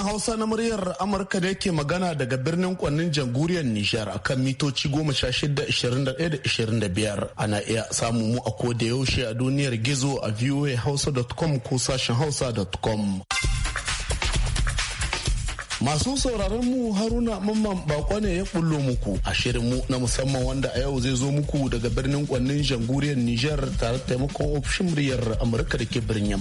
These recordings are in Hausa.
Sashen Hausa na muryar Amurka da yake magana daga birnin kwannin jamhuriyar Nijar a kan mitoci 16-21-25 ana iya samu mu a koda yaushe a duniyar gizo a voahausa.com ko sashen hausa.com. Masu sauraron mu Haruna Mamman Bako ne ya bullo muku a shirin mu na musamman wanda a yau zai zo muku daga birnin kwannin janguriyar Nijar tare da taimakon ofishin muryar Amurka da ke birnin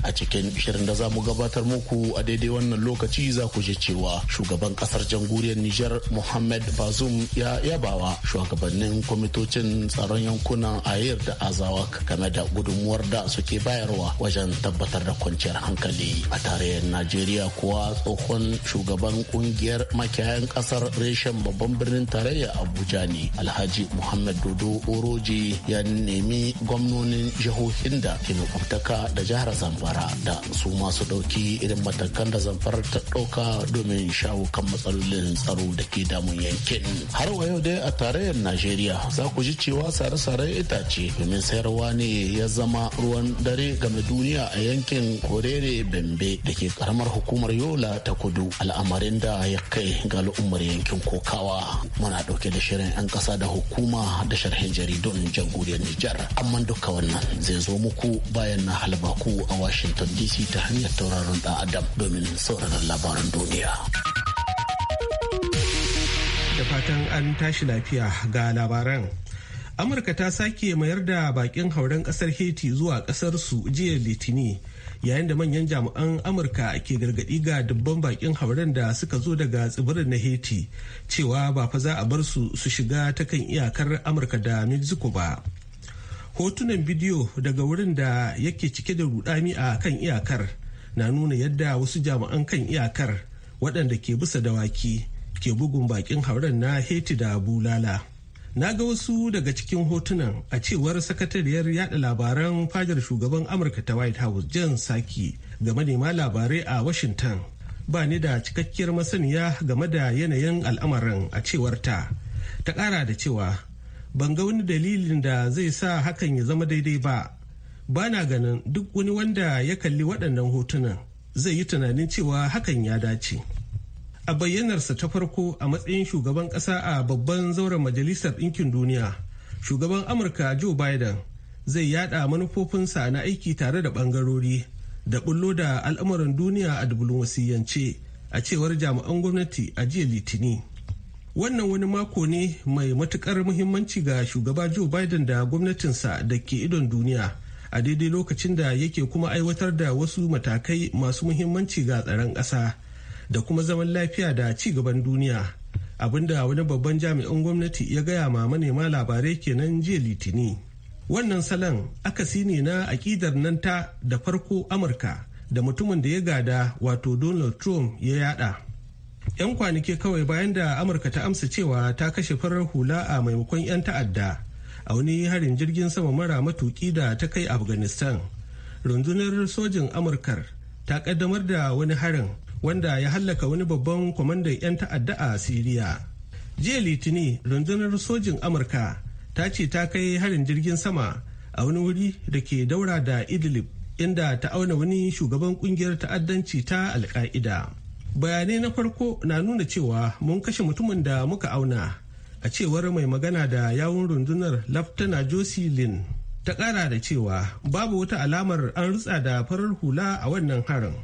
A cikin shirin da za mu gabatar muku a daidai wannan lokaci za ku je cewa shugaban kasar janguriyar Nijar Muhammad Bazum ya yabawa shugabannin kwamitocin tsaron yankunan ayer da Azawa game da gudunmuwar da suke bayarwa wajen tabbatar da kwanciyar hankali a tarayyar Najeriya kuwa tsohon shugaban shugaban kungiyar makiyayan kasar reshen babban birnin tarayya abuja ne alhaji muhammad dodo oroji ya nemi gwamnonin jihohin da ke makwabtaka da jihar zamfara da su masu ɗauki irin matakan da zamfara ta ɗauka domin shawo kan matsalolin tsaro da ke damun yankin har wa yau dai a tarayyar najeriya za ku ji cewa sare-sare itace domin sayarwa ne ya zama ruwan dare game duniya a yankin korere bembe da ke karamar hukumar yola ta kudu al al'amarin da ya kai ga al'ummar yankin kokawa muna dauke da shirin 'yan kasa da hukuma da sharhin jaridun jamhuriyar nijar amma duka wannan zai zo muku bayan na halba a washington dc ta hanyar tauraron da adam domin sauraron labaran duniya da fatan an tashi lafiya ga labaran amurka ta sake mayar da bakin hauren kasar haiti zuwa kasar su jiya litini yayin da manyan jami'an amurka ke gargadi ga dubban bakin hauren da suka zo daga tsibirin na haiti cewa ba fa za a bar su su shiga ta kan iyakar amurka da mexico ba hotunan bidiyo daga wurin da yake cike da rudani a kan iyakar na nuna yadda wasu jami'an kan iyakar waɗanda ke bisa dawaki ke bugun bakin hauren na haiti da bulala. na ga wasu daga cikin hotunan a cewar sakatariyar yada labaran fajar shugaban amurka ta white house jan saki ga manema labarai a washington ba ni da cikakkiyar masaniya game da yanayin al'amarin a cewar ta ta kara da cewa ban ga wani dalilin da zai sa hakan ya zama daidai ba ba na ganin duk wani wanda ya kalli waɗannan hotunan zai yi tunanin cewa hakan ya dace a bayyanarsa ta farko a matsayin shugaban ƙasa a babban zauren majalisar ɗinkin duniya shugaban amurka joe biden zai yada manufofinsa na aiki tare da bangarori da bullo da al'amuran duniya a diflomasiyyance a cewar jami'an gwamnati a jiya litini wannan wani mako ne mai matukar muhimmanci ga shugaba joe biden da gwamnatinsa da ke idon duniya a daidai lokacin da yake kuma aiwatar da wasu matakai masu muhimmanci ga tsaron ƙasa da kuma zaman lafiya da ci gaban duniya abinda wani babban jami'in gwamnati ya gaya ma manema labarai kenan jiya litini wannan salon akasi ne na akidar nan ta da farko amurka da mutumin da ya gada wato donald trump ya yada yan kwanaki kawai bayan da amurka ta amsa cewa ta kashe farar hula a maimakon 'yan ta'adda a wani harin jirgin sama mara matuki da ta kai afghanistan rundunar sojin amurkar ta kaddamar da wani harin wanda ya hallaka wani babban kwamandan 'yan ta'adda a siriya jiya litini rundunar sojin amurka ta ce ta kai harin jirgin sama a wani wuri da ke daura da idlib inda ta auna wani shugaban kungiyar ta'addanci ta alka'ida bayanai na farko na nuna cewa mun kashe mutumin da muka auna a cewar mai magana da yawun rundunar laftana jocelyn ta kara da cewa babu wata alamar an rutsa da farar hula a wannan harin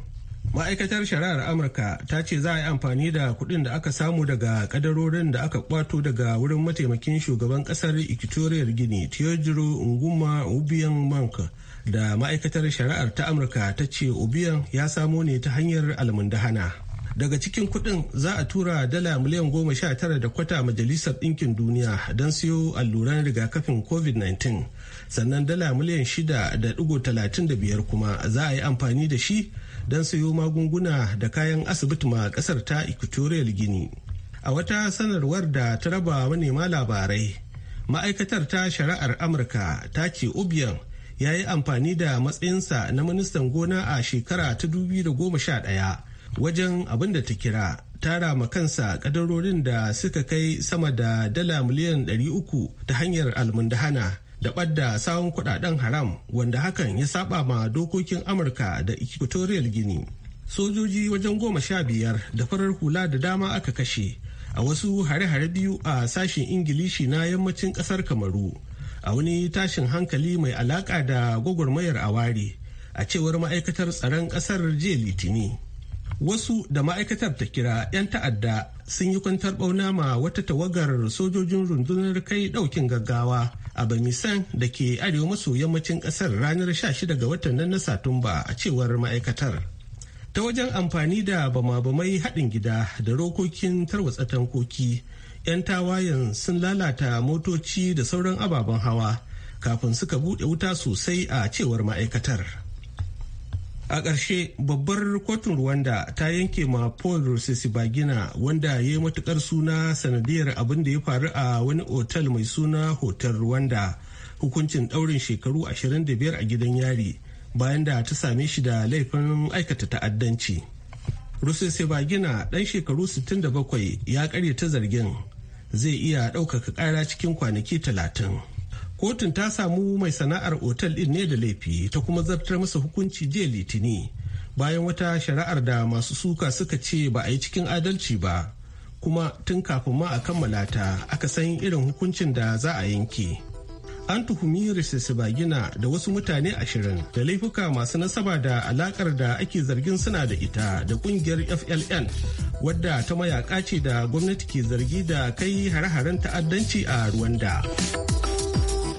ma'aikatar shari'ar amurka ta ce za a yi amfani da kuɗin da aka samu daga kadarorin da aka kwato daga wurin mataimakin shugaban ƙasar equatorial gini teodoro nguma ubiyan mank da ma'aikatar shari'ar ta amurka ta ce ubiyan ya samo ne ta hanyar almundahana daga cikin kuɗin za a tura dala miliyan goma sha tara da kwata majalisar ɗinkin duniya don siyo alluran rigakafin covid-19 sannan dala miliyan shida da ɗigo talatin da biyar kuma za a yi amfani da shi don sayo magunguna da kayan asibiti ma kasar ta equatorial gini a wata sanarwar da ta raba manema labarai ma'aikatar ta shari'ar amurka ta ce ubiyan ya yi amfani da matsayinsa na ministan gona a shekara ta 2011 wajen abin da ta kira tara ma kansa kadarorin da suka kai sama da dala miliyan 300 ta hanyar almundahana da ɓadda sawun kudaden haram wanda hakan ya saba ma dokokin amurka da equatorial guinea sojoji wajen goma sha biyar da farar hula da dama aka kashe a wasu hare-hare biyu a sashen ingilishi na yammacin kasar kamaru a wani tashin hankali mai alaƙa da gwagwarmayar aware a cewar ma'aikatar tsaron kasar jiya litini wasu da ma'aikatar ta kira 'yan ta'adda sun yi kwantar bauna ma wata tawagar sojojin rundunar kai daukin gaggawa a Bamisan da ke arewa maso yammacin ƙasar ranar 16 ga watan nan na Satumba a cewar ma'aikatar. Ta wajen amfani da bama-bamai haɗin gida da rokokin tarwatsa tankoki, 'yan tawayen sun lalata motoci da sauran ababen hawa kafin suka buɗe wuta sosai a cewar ma'aikatar. a ƙarshe babbar kotun rwanda ta yanke ma paul rusesibagina wanda ya yi matukar suna sanadiyar abin da ya faru a wani otal mai suna hotel rwanda hukuncin ɗaurin shekaru 25 a gidan yari bayan da ta same shi da laifin aikata ta'addanci rusesibagina ɗan shekaru 67 ya ta zargin zai iya ɗaukaka ƙara cikin kwanaki 30. kotun ta samu mai sana'ar otal din ne da laifi ta kuma zartar masa hukunci jiya litini bayan wata shari'ar da masu suka suka ce ba a yi cikin adalci ba kuma tun kafin ma a kammala ta aka san irin hukuncin da za a yanke an tuhumi risisibagina da wasu mutane ashirin da laifuka masu nasaba da alakar da ake zargin suna da ita da kungiyar fln wadda ta mayaka ce da gwamnati ke zargi da kai hare-haren ta'addanci a rwanda.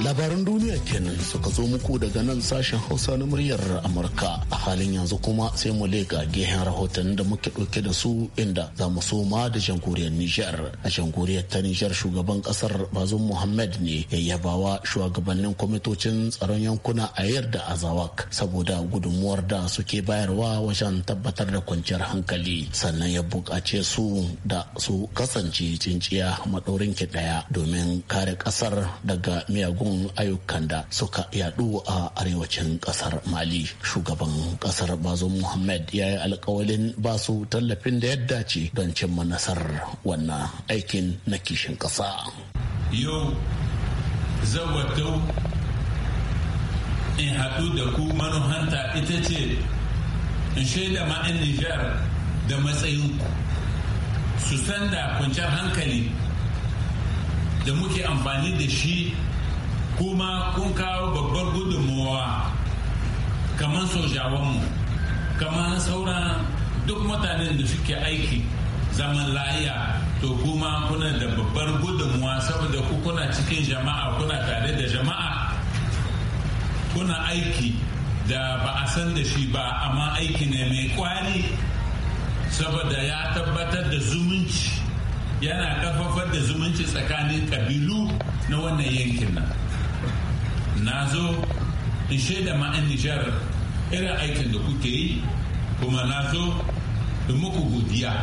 labaran duniya kenan suka zo muku daga nan sashen hausa na muryar amurka a halin yanzu kuma sai mu leka gehen rahoton da muke ɗauke da su inda za mu so ma da jamhuriyar nijar a jamhuriyar ta nijar shugaban kasar bazum muhammad ne ya yabawa shugabannin kwamitocin tsaron yankuna a da azawak saboda gudunmuwar da suke bayarwa wajen tabbatar da kwanciyar hankali sannan ya buƙace su da su kasance cinciya maɗaurinki ɗaya domin kare ƙasar daga miyagun miyagun ayyukan da suka yadu a arewacin kasar mali shugaban kasar bazo muhammad ya yi alkawalin ba su tallafin da ya dace don cimma nasarar wannan aikin na kishin kasa yau zawatau in haɗu da ku manuhanta ita ce in shaida ma'in nijar da matsayin su san da kwanciyar hankali da muke amfani da shi kuma kun kawo babbar gudunmowa kamar sojawanmu kamar saura duk mutanen da suke aiki zaman lahiya to kuma kuna da babbar gudunmuwa saboda ku kuna cikin jama'a kuna tare da jama'a kuna aiki da ba a san da shi ba amma aiki ne mai kwari saboda ya tabbatar da zumunci yana kafafar da zumunci tsakanin kabilu na wannan yankin nan nazo zo in shaida ma yan nijar irin aikin da kuke yi kuma na zo in muku godiya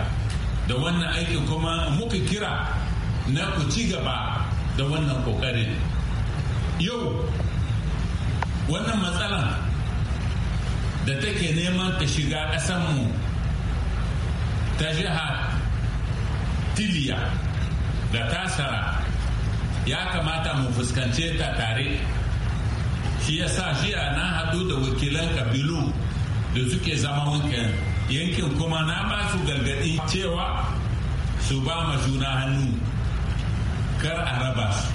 da wannan aikin kuma muka kira na ku ci gaba da wannan kokarin yau wannan matsalan da take neman ta shiga ƙasanmu ta jiha tiliya da tasara ya kamata mu fuskance ta tare shi ya sa jiya na haɗu da wakilan kabilu da suke zama wankan yankin kuma na ba su gargaɗi cewa su ba ma juna hannu kar a raba su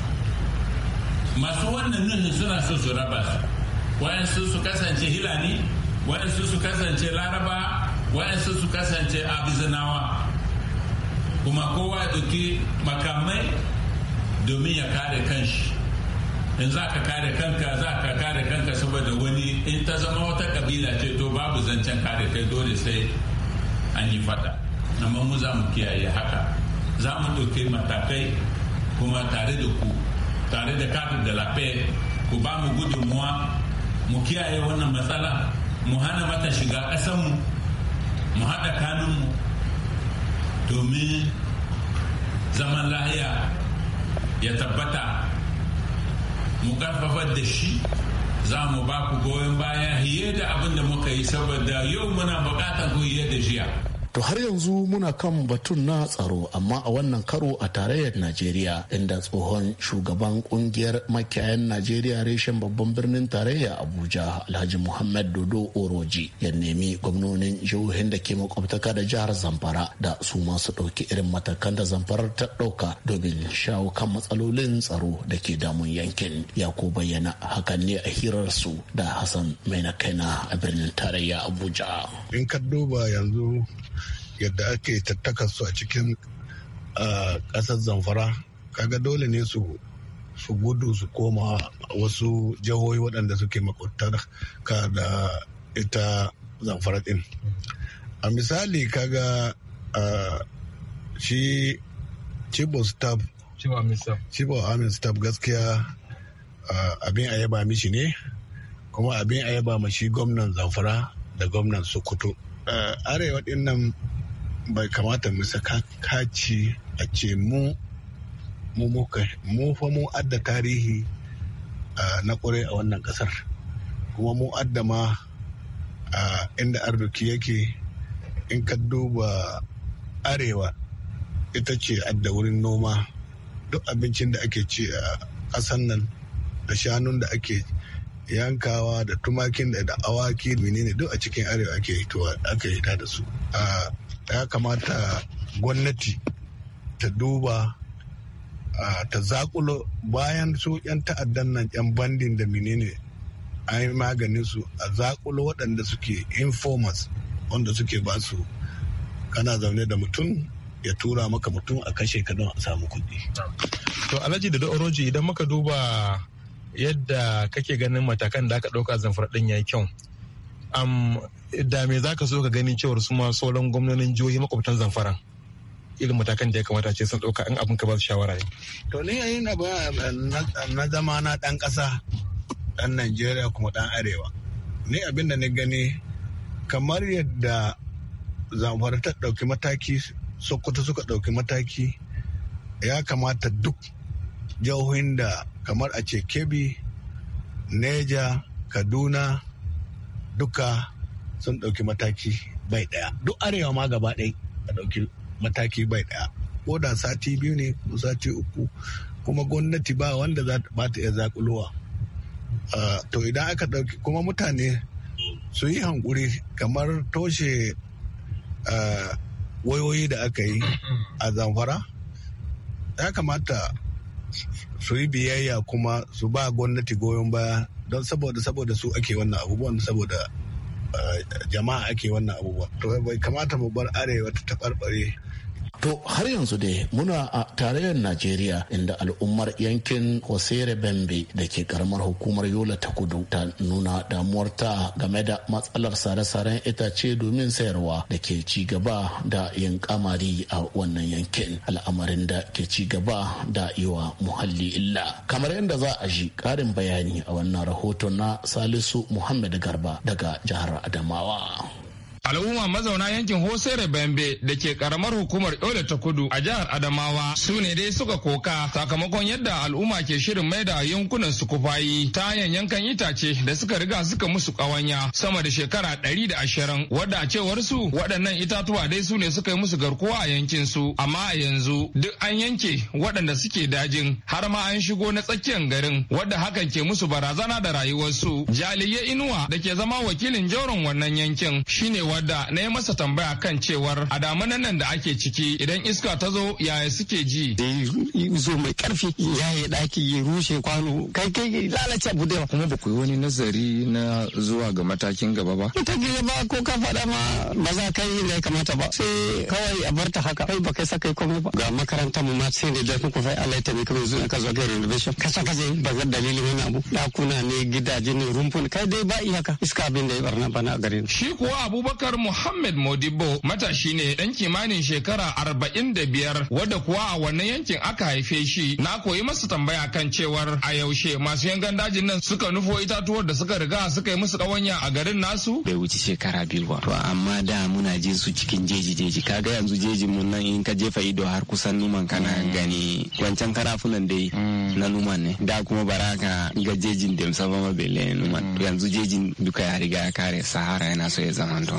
masu wannan suna so su raba su wayansu su kasance hilani wayansu su kasance laraba wayansu su kasance abizanawa kuma kowa ya ɗauki makamai domin ya kare kanshi in za ka kare kanka za ka kare kanka saboda wani in ta zama wata kabila ce to babu zancen kare kai dole sai an yi fada amma mu za mu kiyaye haka za mu ɗauke matakai kuma tare da ku tare da kafin da lafe ku ba mu gudunmuwa mu kiyaye wannan matsala mu hana mata shiga ƙasanmu mu haɗa kanunmu domin zaman lahiya ya tabbata mu karfafar da shi za mu ba ku goyon baya hiye da abin da muka yi saboda yau muna bukatar ku hiye da jiya To har yanzu muna kan batun na tsaro amma a wannan karo a tarayyar Najeriya inda tsohon shugaban kungiyar makiyayan Najeriya reshen babban birnin tarayya Abuja Alhaji Muhammad Dodo Oroji ya nemi gwamnonin jihohin da ke makwabtaka da jihar Zamfara da su masu ɗauki irin matakan da Zamfarar ta ɗauka domin shawo kan matsalolin tsaro da ke damun yankin. Ya ko bayyana hakan ne a hirarsu da Hassan Mai na kaina a birnin tarayya Abuja. In ka duba yanzu yadda ake tattaka su a cikin ƙasar zamfara kaga dole ne su su gudu su koma wasu jihohi waɗanda suke makwabtar ka da ita zamfara ɗin a misali kaga shi chibo staff chibo amin staff gaskiya abin a yaba mishi ne kuma abin a yaba mashi gwamnan zamfara da gwamnan sokoto arewa ɗin nan bai kamata mu saka kaci a ce mu mu fa mu adda tarihi na kwarai a wannan kasar kuma mu adda ma inda arziki yake in ka duba arewa ita ce adda wurin noma duk abincin da ake ci a ƙasan nan da shanun da ake yankawa da tumakin da awaki menene duk a cikin arewa ake hitowa aka hita da su ya kamata gwamnati ta duba ta zakulo bayan su 'yan ta'addan nan 'yan bandin da menene an yi maganin su a zakulo waɗanda suke informers wanda suke ba su kana zaune da mutum ya tura maka mutum a kashe kanon a samu kuɗi. to alhaji da oroji idan muka duba yadda kake ganin matakan da aka ɗauka zamfara ɗin ya yi kyau um, da me za ka so ka gani cewar su ma sauran gwamnonin jihohi makwabtan zamfara irin matakan da ya kamata ce sun ɗauka in abin ka ba su shawara ne. to ni yayi na ba na zama na ɗan ƙasa ɗan najeriya kuma ɗan arewa ni abin da ni gani kamar yadda zamfara ta ɗauki mataki sokoto suka ɗauki mataki ya kamata duk jihohin da kamar a ce kebbi neja kaduna duka sun ɗauki mataki bai ɗaya duk arewa ma gaba ɗaya a ɗauki mataki bai ɗaya ko da sati biyu ne ko sati uku kuma gwamnati ba wanda za ta iya zakulowa to idan aka ɗauki kuma mutane su yi hankuri kamar toshe wayoyi da aka yi a zamfara ya kamata su yi biyayya kuma su ba gwamnati goyon baya don saboda saboda su ake wannan abubuwan saboda ah, jama'a ake wannan abubuwa to bai kamata mu bar arewa ta taɓarɓare To har yanzu dai muna a tarayyar Najeriya inda al'ummar yankin Hosere Bembe da ke karamar hukumar Yola ta kudu ta nuna damuwarta game da matsalar sare-saren itace domin sayarwa da ke ci gaba da yin kamari a wannan yankin al'amarin da ke ci gaba da yi wa muhalli illa. Kamar yadda za a ji karin bayani a wannan rahoton na Salisu Muhammad Garba daga jihar Adamawa. Al'umma mazauna yankin Hosere Bembe da ke karamar hukumar Yole ta Kudu a jihar Adamawa su ne dai suka koka sakamakon yadda al'umma ke shirin mai da yankunan su kufayi ta hanyar yankan itace da suka riga suka musu kawanya sama da shekara ɗari da ashirin wadda a cewar su waɗannan itatuwa dai su ne suka yi musu garkuwa a yankin su amma a yanzu duk an yanke waɗanda suke dajin har ma an shigo na tsakiyar garin wadda hakan ke musu barazana da rayuwarsu. jaliyya Inuwa da ke zama wakilin jauron wannan yankin shine wadda na yi masa tambaya kan cewar a damanan nan da ake ciki idan iska ta zo yaya suke ji. zo mai karfi ya yi daki ya rushe kwano kai kai lalace abu da kuma ba ku yi wani nazari na zuwa ga matakin gaba ba. matakin gaba ko ka faɗa ma ba za ka yi da ya kamata ba sai kawai a barta haka kai ba kai sakai komai ba ga makaranta mu ma sai ne da ku fai Allah ya tabbata kamar zuwa ka zo kai renovation kasa kaje ba ga dalilin wani abu Ɗakuna ne gidaje ne rumfun kai dai ba iyaka iska abin da ya barna bana a garin. shi kuwa abubakar Abubakar Muhammad Modibo matashi ne ɗan kimanin shekara arba'in da biyar wadda kuwa a wannan yankin aka haife shi na koyi masa tambaya kan cewar a yaushe masu yangan dajin nan suka nufo itatuwar da suka riga suka yi musu ƙawanya a garin nasu. Bai wuce shekara biyu ba. To amma da muna je su cikin jeji jeji kaga yanzu jeji mun nan in ka jefa ido har kusan numan kana mm. gani wancan karafunan dai mm. na numan ne da kuma baraka ga jejin ba ma bele numan mm. yanzu jejin duka ya riga ya kare sahara yana so ya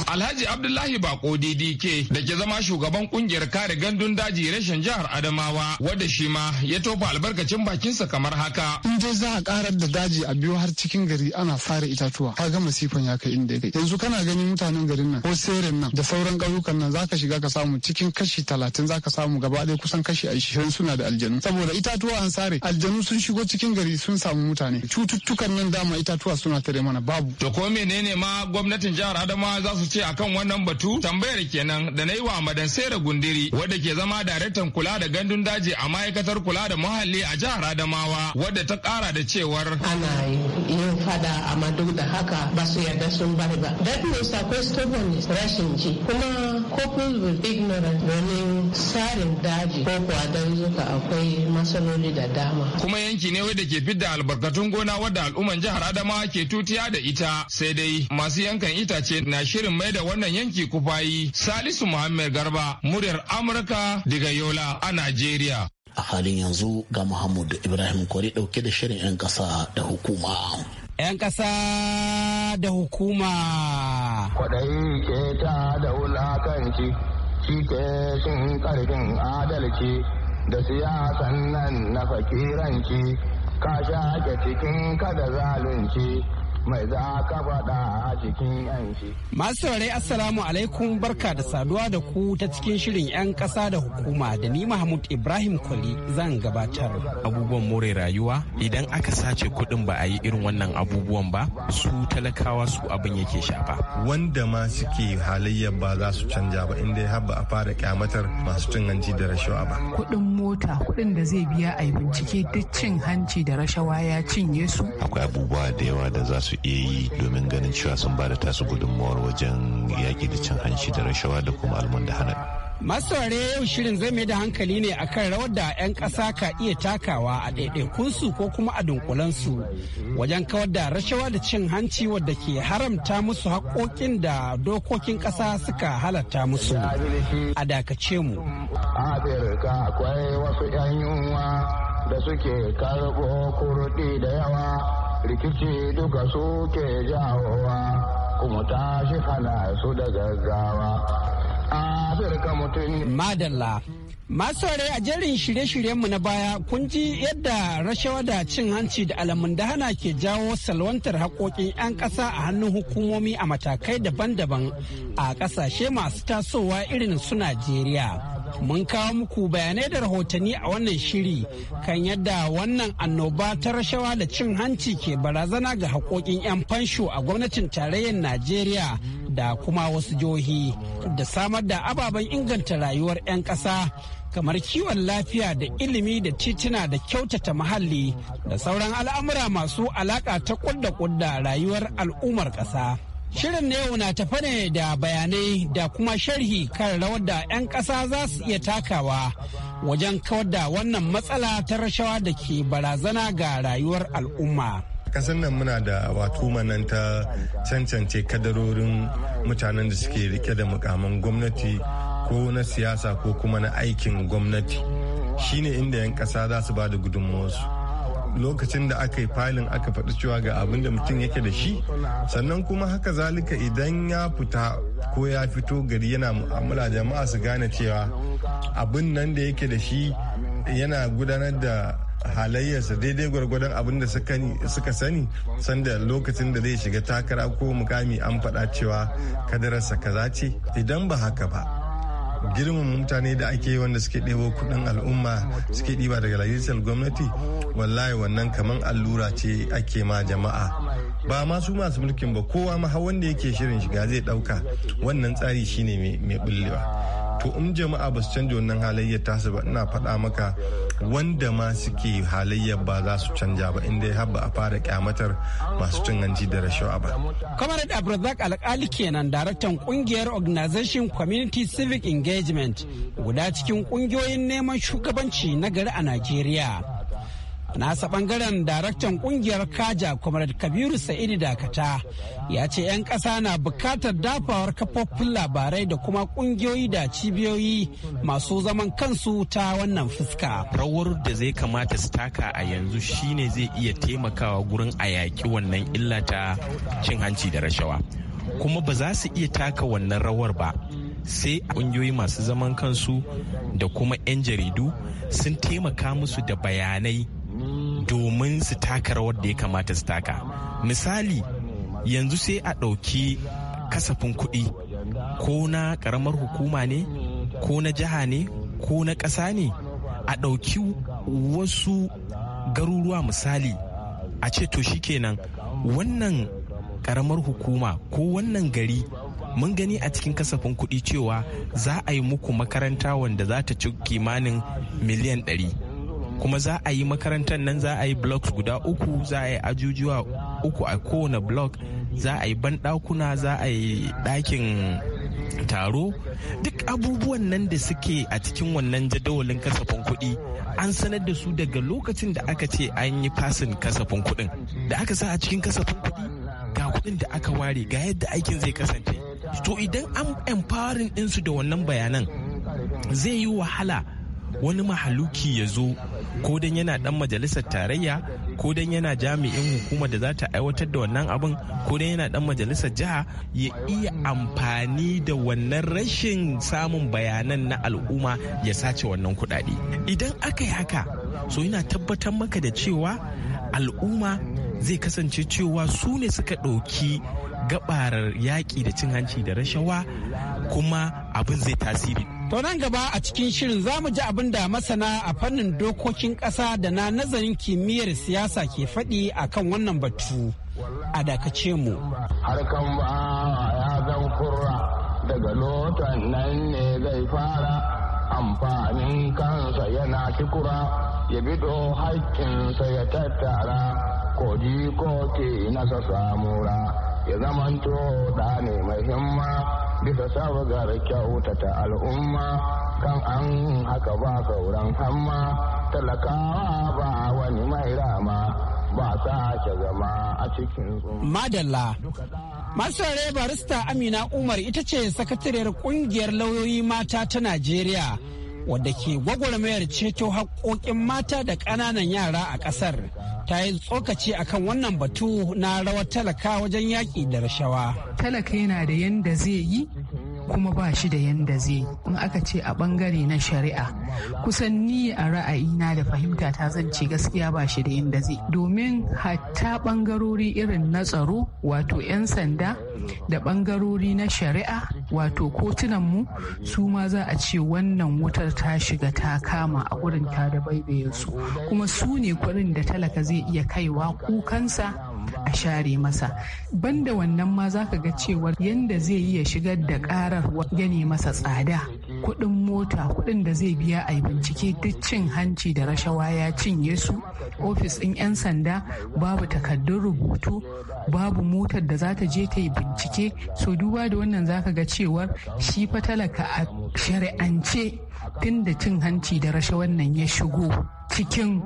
A Alhaji Abdullahi Bako DDK da ke zama shugaban kungiyar kare gandun daji reshen jihar Adamawa wadda shi ma ya tofa albarkacin bakinsa kamar haka. In dai za a karar da daji a biyo har cikin gari ana fara itatuwa ka ga masifan ya kai inda kai. Yanzu kana ganin mutanen garin nan ko seren nan da sauran ƙauyukan nan zaka shiga ka samu cikin kashi talatin zaka samu gaba ɗaya kusan kashi ashirin suna da aljanu. Saboda itatuwa an sare aljanu sun shigo cikin gari sun samu mutane cututtukan nan dama itatuwa suna tare mana babu. To ko menene ma gwamnatin jihar Adamawa za su ce akan wannan batu tambayar kenan da na yi wa madan sera gundiri wadda ke zama daraktan kula da gandun daji a ma'aikatar kula da muhalli a jihar adamawa wadda ta kara da cewar ana yin fada amma duk da haka ba su yarda sun bari ba that means akwai stubbornness rashin ji kuma coupled with ignorance domin tsarin daji ko kuwa dazuka akwai matsaloli da dama kuma yanki ne wadda ke fidda albarkatun gona wadda al'umman jihar adamawa ke tutiya da ita sai dai masu yankan itace na shirin mai da wannan yanki kufayi Salisu muhammed Garba muryar Amurka daga Yola a Najeriya. A halin yanzu ga Muhammadu Ibrahim Kwari dauke da shirin 'yan ƙasa da hukuma. 'Yan ƙasa da hukuma. Kwaɗayi ke ta da wulakanci, shi ke shin ƙarfin adalci da siyasan nan na fakiranci, ka shaƙe cikin kada zalunci. Masu saurare Assalamu alaikum barka da saduwa da ku ta cikin shirin 'yan ƙasa da hukuma da ni Mahmud Ibrahim Kwali zan gabatar. Abubuwan more rayuwa idan aka sace kuɗin ba a yi irin wannan abubuwan ba su talakawa su abin yake shafa. Wanda ma suke halayyar ba za su canja ba inda ya ba a fara kyamatar masu cin hanci da rashawa ba. Kuɗin mota kuɗin da zai biya a yi bincike duk cin hanci da rashawa ya cinye su. Akwai abubuwa da yawa da za su su iya yi domin ganin cewa sun ba da tasu gudunmawar wajen yaƙi da cin hanci da rashawa da kuma alman da almundahana. masaurare yau shirin zai mai da hankali ne akan rawar da 'yan ƙasa ka iya takawa a ɗaiɗaikunsu ko kuma a dunkulensu wajen kawar da rashawa da cin hanci wadda ke haramta musu haƙoƙin da dokokin ƙasa suka halatta musu a dakace mu akwai wasu 'yan yunwa da suke karɓo kurɗi da yawa rikici duka suke jawowa kuma shi hana su da gaggawa afirka mutum madalla Masore a jerin shirye-shiryenmu na baya kun ji yadda rashawa da cin hanci da alamun da hana ke jawo salwantar haƙoƙin 'yan ƙasa a hannun hukumomi a matakai daban-daban a ƙasashe masu tasowa irin su Najeriya. Mun kawo muku bayanai da rahotanni a wannan shiri kan yadda wannan annoba ta rashawa da cin hanci ke barazana ga haƙoƙin 'yan fansho a gwamnatin tarayyar Najeriya da kuma wasu jihohi da samar da ababen inganta rayuwar 'yan ƙasa kamar kiwon lafiya da ilimi da titina da kyautata muhalli da sauran al'amura masu alaƙa ta kudda kudda rayuwar al'ummar ƙasa. Shirin na yau na tafa ne da bayanai da kuma sharhi kan rawar da 'yan ƙasa za su iya takawa wajen kawar da wannan matsala ta rashawa da ke barazana ga rayuwar al'umma. kasan nan muna da wato manan ta cancance kadarorin mutanen da suke rike da mukamin gwamnati ko na siyasa ko kuma na aikin gwamnati shine inda 'yan kasa za su ba da gudunmuwarsu lokacin da aka yi filin aka faɗi cewa ga abin da mutum yake da shi sannan kuma haka zalika idan ya fita ko ya fito gari yana mu'amala jama'a su gane cewa abin nan da yake da shi yana gudanar da halayyarsa daidai gwargwadon abin da suka sani sanda lokacin da zai shiga takara ko mukami an faɗa cewa kadararsa kaza ce idan ba haka ba girman mutane da ake yi wanda suke ɗebo kuɗin al'umma suke ɗiba daga lalisar gwamnati wallahi wannan kamar allura ce ake ma jama'a ba ma su masu mulkin ba kowa ma hawan wanda yake shirin shiga zai ɗauka wannan tsari shine mai bullewa to in jama'a ba su canja wannan halayyar tasu ba ina faɗa maka wanda ma suke halayyar ba za su canja ba inda ya ba a fara kyamatar masu cin hanci da rashawa ba. Comrade Abrazak Alkali kenan daraktan kungiyar Organization Community Civic Engagement guda cikin kungiyoyin neman shugabanci na gari a Najeriya. nasa bangaren daraktan kungiyar kaja comrade kabiru sa'idu dakata ya ce 'yan kasa na bukatar dafawar kafofin labarai da kuma kungiyoyi da cibiyoyi masu zaman kansu ta wannan fuska rawar da zai kamata su taka a yanzu shine zai iya taimakawa gurin a yaƙi wannan illa ta cin hanci da rashawa kuma ba za su iya taka wannan rawar ba sai kungiyoyi masu zaman kansu da kuma 'yan jaridu sun taimaka musu da bayanai domin su taka rawar da ya kamata su taka misali yanzu sai a ɗauki kasafin kuɗi ko na ƙaramar hukuma ne ko na jiha ne ko na ƙasa ne a ɗauki wasu garuruwa misali a ce to shikenan wannan ƙaramar hukuma ko wannan gari mun gani a cikin kasafin kuɗi cewa za a yi muku makaranta wanda za ta ci kimanin miliyan ɗari kuma za a yi makarantar nan za a yi blocks guda uku za a yi ajujuwa uku a kowane block za a yi banɗakuna za a yi ɗakin taro duk abubuwan nan da suke a cikin wannan jadawalin kasafin kuɗi an sanar da su daga lokacin da aka ce an yi fasin kasafin kuɗin da aka sa a cikin kasafin kuɗi ga kuɗin da aka ware ga yadda aikin zai kasance to idan an empowering ɗinsu da wannan bayanan zai yi wahala wani mahaluki ya zo ko dan yana dan majalisar tarayya ko dan yana jami'in hukuma da za ta aiwatar da wannan abin ko dan yana dan majalisar jiha ya iya amfani da wannan rashin samun bayanan na al'umma ya sace wannan kuɗaɗe idan aka yi haka so yana tabbatar maka da cewa al'umma zai kasance cewa su ne suka ɗauki gabarar yaƙi da cin hanci da rashawa kuma abin zai tasiri To nan gaba a cikin shirin za mu ji abin da masana a fannin dokokin ƙasa da na nazarin kimiyyar siyasa ke faɗi a kan wannan batu a dakace mu. Harkan ba ya zan kurra daga lotan nan ne zai fara amfanin kansa yana kikura ya bido haƙƙinsa ya tattara kodi ko ke nasa samura ya zamanto da ne mai himma. bisa sabagar ta al'umma kan an haka ba sauran hamma talakawa ba wani mai rama ba sake zama a cikin madalla masarare barista amina umar ita ce sakatariyar kungiyar lauyoyi mata ta najeriya wadda ke gwagwarmayar ceto haƙoƙin mata da ƙananan yara a ƙasar ta yi tsokaci akan wannan batu na rawar talaka wajen yaƙi da rashawa. Talaka yana da yanda zai yi kuma ba shi da yanda zai in aka ce a bangare na shari'a kusan ni a ra'ayina da fahimta ta zance gaskiya ba shi da yanda zai domin hatta bangarori irin na tsaro wato 'yan sanda da bangarori na shari'a wato kotunanmu su ma za a ce wannan wutar ta shiga ta kama a gurin ta da baibaye su kuma su ne kuɗin da talaka zai iya kaiwa kukansa a share masa banda wannan ma za ka ga cewar yadda zai iya shigar da karar gani masa tsada kudin mota kudin da zai biya a bincike duk cin hanci da rashawa ya cinye su ofis ɗin 'yan sanda babu takardun rubutu babu motar da za ta je ta yi bincike so duba da wannan za ka ga cewar shi fa talaka a shari'ance tun da cin hanci da rashawan nan ya shigo cikin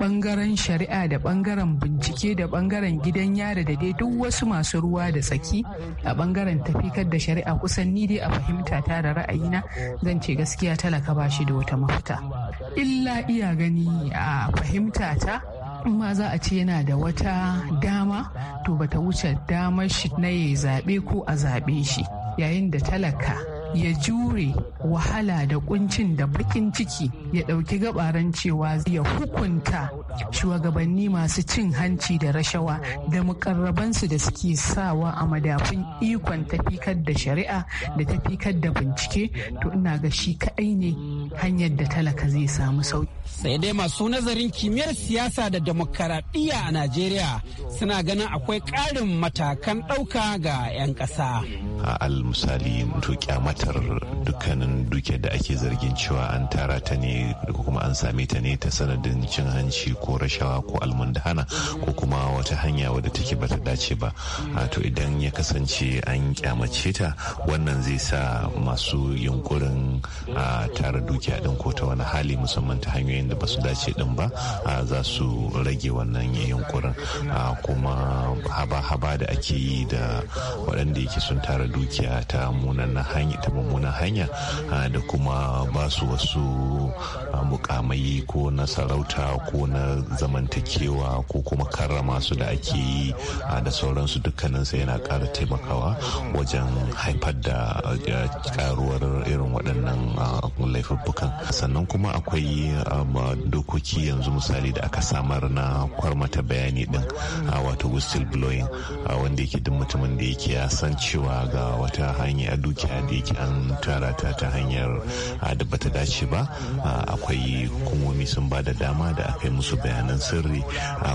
bangaren shari'a da bangaren bincike da bangaren gidan yari da dai duk wasu masu ruwa da tsaki a bangaren tafikar da shari'a kusan ni dai a fahimta ta da ra'ayina zan ce gaskiya talaka ba shi da wata mafita illa iya gani a fahimta ta in ma za a ce yana da wata dama to bata wuce damar shi na ya zaɓe ko a zaɓe shi yayin da talaka ya jure wahala da kuncin da bakin ciki ya dauki gabaran cewa ya hukunta shugabanni masu cin hanci da rashawa da mukarrabansu da suke sawa a madafin ikon tafikar da shari'a da tafikar da bincike to ina ga shi kaɗai ne hanyar da talaka zai samu sauki. sai dai masu nazarin kimiyyar siyasa da demokaradiyya a najeriya suna ganin akwai ƙarin matakan ɗauka ga 'yan ƙasa. a al misali to kyamata matar dukkanin duke da ake zargin cewa an tara ta ne ko kuma an same ta ne ta sanadin cin hanci ko rashawa ko almundahana ko kuma wata hanya wadda take ta dace ba to idan ya kasance an kyamace ta wannan zai sa masu yunkurin tara dukiya din ko ta wani hali musamman ta hanyoyin da ba su dace din ba za su rage wannan yunkurin kuma haba-haba da ake yi da waɗanda yake sun tara dukiya ta munanan hanyar. ta mummunan hanya da kuma ba su wasu mukamai ko na sarauta ko na zamantakewa ko kuma karrama su da ake yi da sauransu dukkaninsa yana ƙara taimakawa wajen haifar da karuwar irin waɗannan laifuffukan sannan kuma akwai dokoki yanzu misali da aka samar na kwarmata bayani din wato whistle blowing wanda yake duk mutumin da yake ya san cewa ga wata hanya a dukiya da yake an tara ta ta hanyar da bata dace ba akwai hukumomi sun ba da dama da aka yi musu bayanan sirri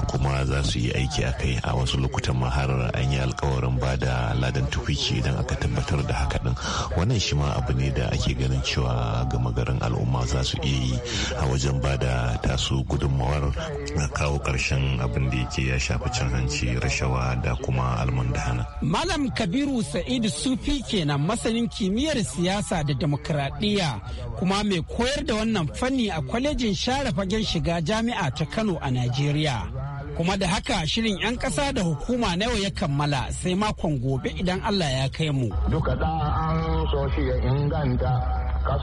kuma za su yi aiki a kai a wasu lokutan ma har an yi alkawarin ba da ladan tukwici idan aka tabbatar da haka din wannan shi ma abu ne da ake ganin cewa gama garin al'umma za su iya yi a wajen ba da tasu gudunmawar kawo karshen abin da yake ya shafi cin hanci rashawa da kuma almundana malam kabiru sa'idu sufi kenan masanin kimiyya tsangayar siyasa da demokradiyya kuma mai koyar da wannan fanni a kwalejin share fagen shiga jami'a ta Kano a Najeriya. kuma da haka shirin 'yan ƙasa da hukuma na yau ya kammala sai makon gobe idan Allah ya kai mu. Duka an so shi inganta da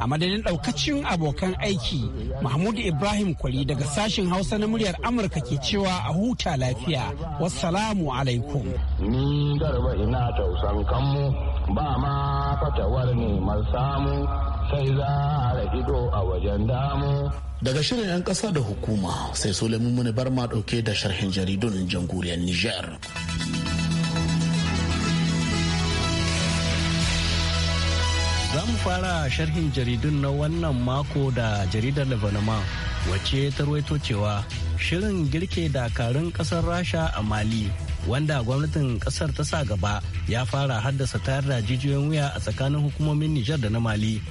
A madadin ɗaukacin abokan aiki, Mahmud Ibrahim Kwali daga sashen Hausa na muryar Amurka ke cewa a huta lafiya. Wassalamu alaikum. Ni garba ina tausan kanmu ba ma fatawar ne samu sai za a ido a wajen damu. Daga shirin 'yan ƙasa da hukuma sai Suleiman Muni ma ɗauke da sharhin jaridun jamhuriyar Nijar. fara sharhin jaridun na wannan mako da jaridar Lebanon wacce ta ruwaito cewa shirin girke dakarun kasar Rasha a Mali wanda gwamnatin kasar ta sa gaba ya fara haddasa tayar da jijiyoyin wuya a tsakanin hukumomin Nijar da na Mali.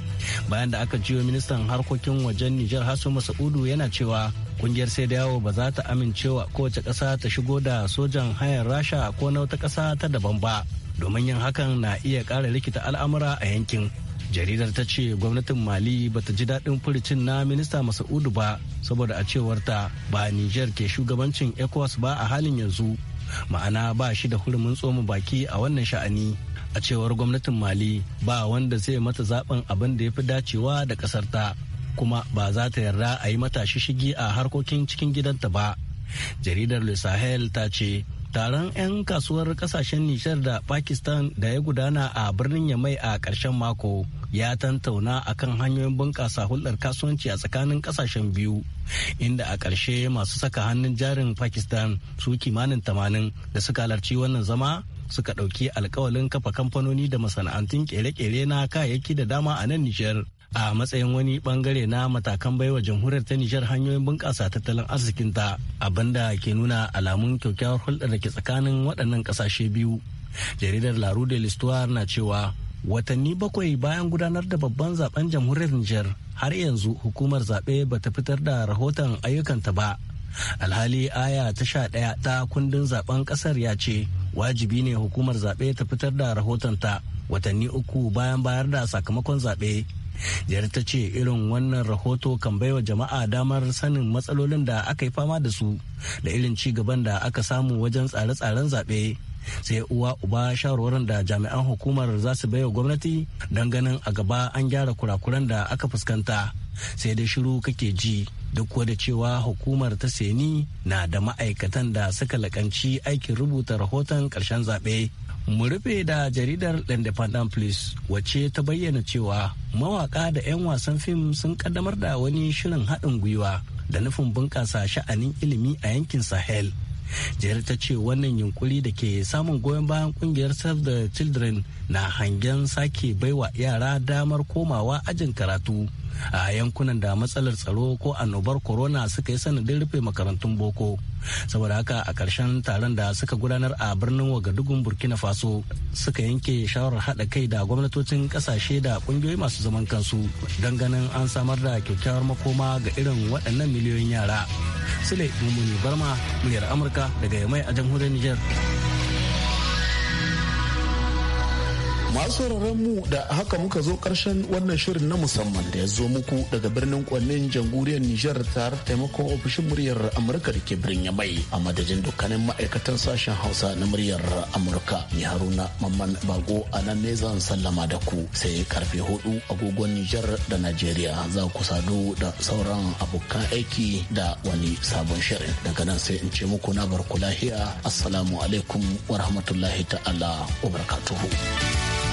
Bayan da aka jiyo ministan harkokin wajen Nijar Hassan Masaudu yana cewa kungiyar sai da yawo ba za ta amincewa kowace ƙasa ta shigo da sojan hayar Rasha ko na wata kasa ta daban ba. domin yin hakan na iya ƙara rikita al'amura a yankin jaridar ta ce gwamnatin mali ba ta ji daɗin furicin na minista masa'udu ba saboda a cewarta ba niger ke shugabancin ecowas ba a halin yanzu ma'ana ba shi da hurumin tsoma baki a wannan sha'ani a cewar gwamnatin mali ba wanda zai mata zaben abin da ya fi dacewa da ƙasar ta kuma ba za ta yarda a yi mata shishigi a harkokin cikin gidanta ba jaridar le sahel ta ce taron 'yan kasuwar kasashen nishar da pakistan da ya gudana a birnin yamai a ƙarshen mako ya tantauna kan hanyoyin bunƙasa hulɗar kasuwanci a tsakanin kasashen biyu inda a ƙarshe masu saka hannun jarin pakistan su kimanin tamanin da suka halarci wannan zama suka ɗauki alkawalin kafa kamfanoni da masana'antun kere-kere na kayayyaki da dama a nan nishar a matsayin wani bangare na matakan baiwa jamhuriyar ta nijar hanyoyin bunƙasa tattalin arzikinta abinda ke nuna alamun kyaukyawar hulɗar da ke tsakanin waɗannan ƙasashe biyu jaridar laru de na cewa watanni bakwai bayan gudanar da babban zaben jamhuriyar nijar har yanzu hukumar zaɓe ba ta fitar da rahoton ayyukanta ba alhali aya ta sha ɗaya ta kundin zaben ƙasar ya ce wajibi ne hukumar zaɓe ta fitar da rahotonta watanni uku bayan bayar da sakamakon zaɓe jihar ta ce irin wannan rahoto kan baiwa jama'a damar sanin matsalolin da aka yi fama da su da irin ci gaban da aka samu wajen tsare-tsaren zaɓe sai uwa uba shawarwarin da jami'an hukumar za su baiwa gwamnati don ganin a gaba an gyara kurakuran da aka fuskanta sai dai shiru kake ji duk da cewa hukumar ta seni na da ma'aikatan da suka lakanci aikin rubuta rahoton ƙarshen zaɓe mu rufe da jaridar independent police wacce ta bayyana cewa mawaka da 'yan wasan fim sun kaddamar da wani shirin haɗin gwiwa da nufin bunƙasa sha'anin ilimi a yankin sahel jihar ta ce wannan yunkuri da ke samun goyon bayan kungiyar save the children na hangen sake baiwa yara damar komawa ajin karatu a yankunan da matsalar tsaro ko annobar corona suka yi sanadin rufe makarantun boko saboda haka a ƙarshen taron da suka gudanar a birnin wagadugun burkina faso suka yanke shawarar haɗa kai da gwamnatocin ƙasashe da ƙungiyoyi masu zaman kansu don ganin an samar da kyakkyawar makoma ga irin waɗannan miliyoyin yara sule mummuni barma muryar amurka daga yamai a jamhuriyar niger masu mu da haka muka zo karshen wannan shirin na musamman da ya zo muku daga birnin kwannin jamhuriyar Nijar tare taimakon ofishin muryar Amurka da ke birnin mai a madadin dukkanin ma'aikatan sashen Hausa na muryar Amurka. Ni Haruna Mamman Bago a nan ne zan sallama da ku sai karfe hudu agogon Nijar da Najeriya za ku sadu da sauran abokan aiki da wani sabon shirin. Daga nan sai in ce muku na barku lahiya. Assalamu alaikum wa rahmatullahi ta'ala wa barakatuhu.